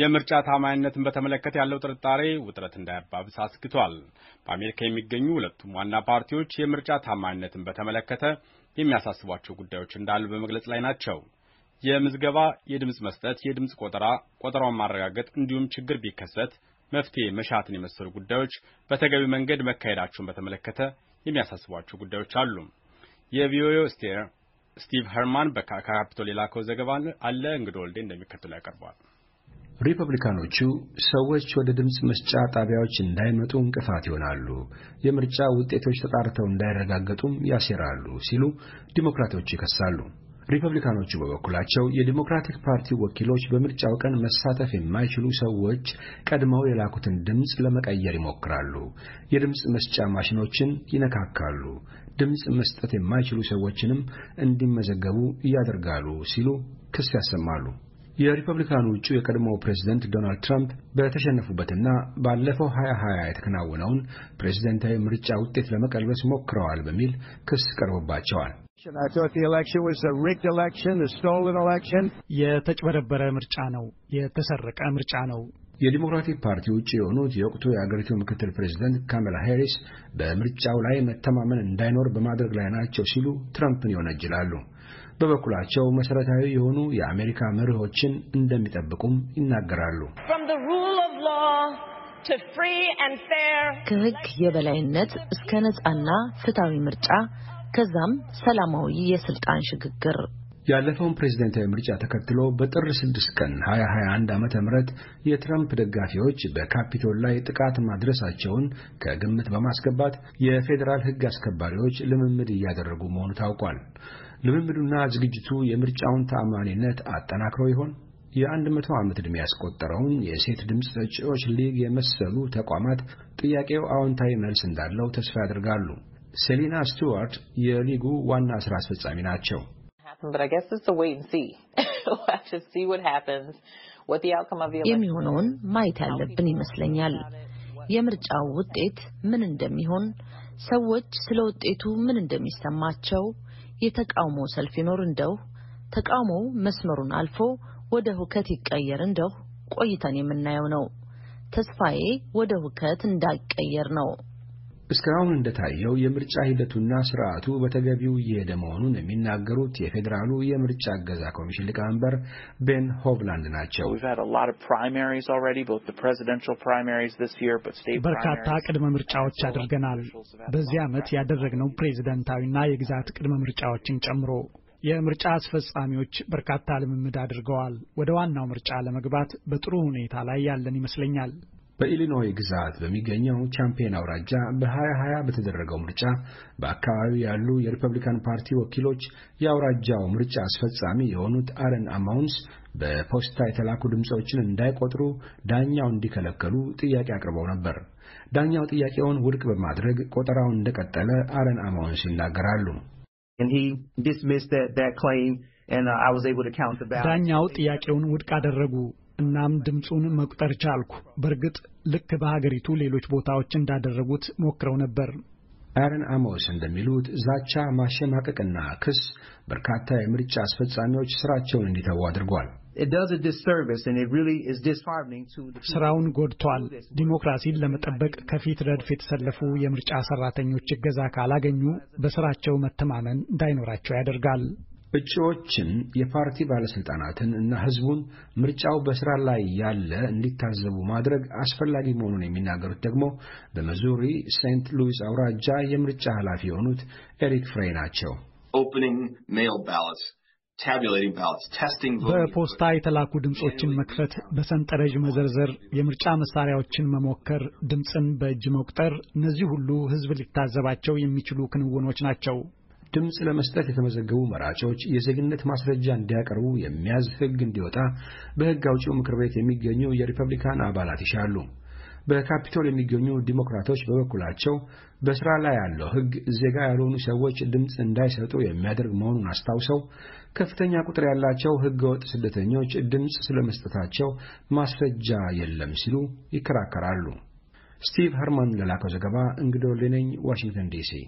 የምርጫ ታማኝነትን በተመለከተ ያለው ጥርጣሬ ውጥረት እንዳያባብስ አስግቷል። በአሜሪካ የሚገኙ ሁለቱም ዋና ፓርቲዎች የምርጫ ታማኝነትን በተመለከተ የሚያሳስቧቸው ጉዳዮች እንዳሉ በመግለጽ ላይ ናቸው። የምዝገባ፣ የድምፅ መስጠት፣ የድምፅ ቆጠራ፣ ቆጠራውን ማረጋገጥ እንዲሁም ችግር ቢከሰት መፍትሄ መሻትን የመሰሉ ጉዳዮች በተገቢ መንገድ መካሄዳቸውን በተመለከተ የሚያሳስቧቸው ጉዳዮች አሉ። ስቴር ስቲቭ ሄርማን ከካፒቶል የላከው ዘገባ አለ። እንግዶ ወልዴ እንደሚከተለው ያቀርበዋል። ሪፐብሊካኖቹ ሰዎች ወደ ድምፅ መስጫ ጣቢያዎች እንዳይመጡ እንቅፋት ይሆናሉ፣ የምርጫ ውጤቶች ተጣርተው እንዳይረጋገጡም ያሴራሉ ሲሉ ዲሞክራቶቹ ይከሳሉ። ሪፐብሊካኖቹ በበኩላቸው የዲሞክራቲክ ፓርቲ ወኪሎች በምርጫው ቀን መሳተፍ የማይችሉ ሰዎች ቀድመው የላኩትን ድምፅ ለመቀየር ይሞክራሉ፣ የድምፅ መስጫ ማሽኖችን ይነካካሉ፣ ድምፅ መስጠት የማይችሉ ሰዎችንም እንዲመዘገቡ ያደርጋሉ ሲሉ ክስ ያሰማሉ። የሪፐብሊካኑ እጩ የቀድሞ ፕሬዝደንት ዶናልድ ትራምፕ በተሸነፉበትና ባለፈው 2020 የተከናወነውን ፕሬዝደንታዊ ምርጫ ውጤት ለመቀልበስ ሞክረዋል በሚል ክስ ቀርቦባቸዋል። የተጭበረበረ ምርጫ ነው፣ የተሰረቀ ምርጫ ነው የዲሞክራቲክ ፓርቲ ውጭ የሆኑት የወቅቱ የአገሪቱ ምክትል ፕሬዚደንት ካማላ ሄሪስ በምርጫው ላይ መተማመን እንዳይኖር በማድረግ ላይ ናቸው ሲሉ ትራምፕን ይወነጅላሉ። በበኩላቸው መሰረታዊ የሆኑ የአሜሪካ መርሆችን እንደሚጠብቁም ይናገራሉ። ከሕግ የበላይነት እስከ ነጻና ፍትሐዊ ምርጫ ከዛም ሰላማዊ የስልጣን ሽግግር ያለፈውን ፕሬዝደንታዊ ምርጫ ተከትሎ በጥር 6 ቀን 2021 ዓ ም የትራምፕ ደጋፊዎች በካፒቶል ላይ ጥቃት ማድረሳቸውን ከግምት በማስገባት የፌዴራል ሕግ አስከባሪዎች ልምምድ እያደረጉ መሆኑ ታውቋል። ልምምዱና ዝግጅቱ የምርጫውን ተአማኒነት አጠናክሮ ይሆን? የ100 ዓመት ዕድሜ ያስቆጠረውን የሴት ድምፅ ሰጪዎች ሊግ የመሰሉ ተቋማት ጥያቄው አዎንታዊ መልስ እንዳለው ተስፋ ያደርጋሉ። ሴሊና ስቱዋርት የሊጉ ዋና ሥራ አስፈጻሚ ናቸው። but I guess it's a wait and see. have to see what happens, what the outcome of the election. የሚሆነውን ማየት ያለብን ይመስለኛል። የምርጫው ውጤት ምን እንደሚሆን፣ ሰዎች ስለ ውጤቱ ምን እንደሚሰማቸው፣ የተቃውሞ ሰልፍ ይኖር እንደው፣ ተቃውሞው መስመሩን አልፎ ወደ ሁከት ይቀየር እንደው ቆይተን የምናየው ነው። ተስፋዬ ወደ ሁከት እንዳይቀየር ነው። እስካሁን እንደታየው የምርጫ ሂደቱና ስርዓቱ በተገቢው እየሄደ መሆኑን የሚናገሩት የፌዴራሉ የምርጫ እገዛ ኮሚሽን ሊቀመንበር ቤን ሆቭላንድ ናቸው። በርካታ ቅድመ ምርጫዎች አድርገናል። በዚህ ዓመት ያደረግነው ፕሬዚደንታዊና የግዛት ቅድመ ምርጫዎችን ጨምሮ የምርጫ አስፈጻሚዎች በርካታ ልምምድ አድርገዋል። ወደ ዋናው ምርጫ ለመግባት በጥሩ ሁኔታ ላይ ያለን ይመስለኛል። በኢሊኖይ ግዛት በሚገኘው ቻምፒየን አውራጃ በ2020 በተደረገው ምርጫ በአካባቢው ያሉ የሪፐብሊካን ፓርቲ ወኪሎች የአውራጃው ምርጫ አስፈጻሚ የሆኑት አረን አማውንስ በፖስታ የተላኩ ድምፆችን እንዳይቆጥሩ ዳኛው እንዲከለከሉ ጥያቄ አቅርበው ነበር። ዳኛው ጥያቄውን ውድቅ በማድረግ ቆጠራውን እንደቀጠለ አረን አማውንስ ይናገራሉ። uh, ዳኛው ጥያቄውን ውድቅ አደረጉ። እናም ድምፁን መቁጠር ቻልኩ። በእርግጥ ልክ በሀገሪቱ ሌሎች ቦታዎች እንዳደረጉት ሞክረው ነበር። አረን አሞስ እንደሚሉት ዛቻ፣ ማሸማቀቅና ክስ በርካታ የምርጫ አስፈጻሚዎች ስራቸውን እንዲተዉ አድርጓል። ስራውን ጎድቷል። ዲሞክራሲን ለመጠበቅ ከፊት ረድፍ የተሰለፉ የምርጫ ሰራተኞች እገዛ ካላገኙ በስራቸው መተማመን እንዳይኖራቸው ያደርጋል። እጩዎችን፣ የፓርቲ ባለሥልጣናትን እና ሕዝቡን ምርጫው በሥራ ላይ ያለ እንዲታዘቡ ማድረግ አስፈላጊ መሆኑን የሚናገሩት ደግሞ በመዙሪ ሴንት ሉዊስ አውራጃ የምርጫ ኃላፊ የሆኑት ኤሪክ ፍሬይ ናቸው። በፖስታ የተላኩ ድምፆችን መክፈት፣ በሰንጠረዥ መዘርዘር፣ የምርጫ መሳሪያዎችን መሞከር፣ ድምፅን በእጅ መቁጠር፣ እነዚህ ሁሉ ሕዝብ ሊታዘባቸው የሚችሉ ክንውኖች ናቸው። ድምፅ ለመስጠት የተመዘገቡ መራጮች የዜግነት ማስረጃ እንዲያቀርቡ የሚያዝ ሕግ እንዲወጣ በሕግ አውጪው ምክር ቤት የሚገኙ የሪፐብሊካን አባላት ይሻሉ። በካፒቶል የሚገኙ ዲሞክራቶች በበኩላቸው በሥራ ላይ ያለው ሕግ ዜጋ ያልሆኑ ሰዎች ድምፅ እንዳይሰጡ የሚያደርግ መሆኑን አስታውሰው ከፍተኛ ቁጥር ያላቸው ሕገወጥ ስደተኞች ድምፅ ስለመስጠታቸው ማስረጃ የለም ሲሉ ይከራከራሉ። ስቲቭ ሃርማን ለላከው ዘገባ እንግዶ ሌነኝ ዋሽንግተን ዲሲ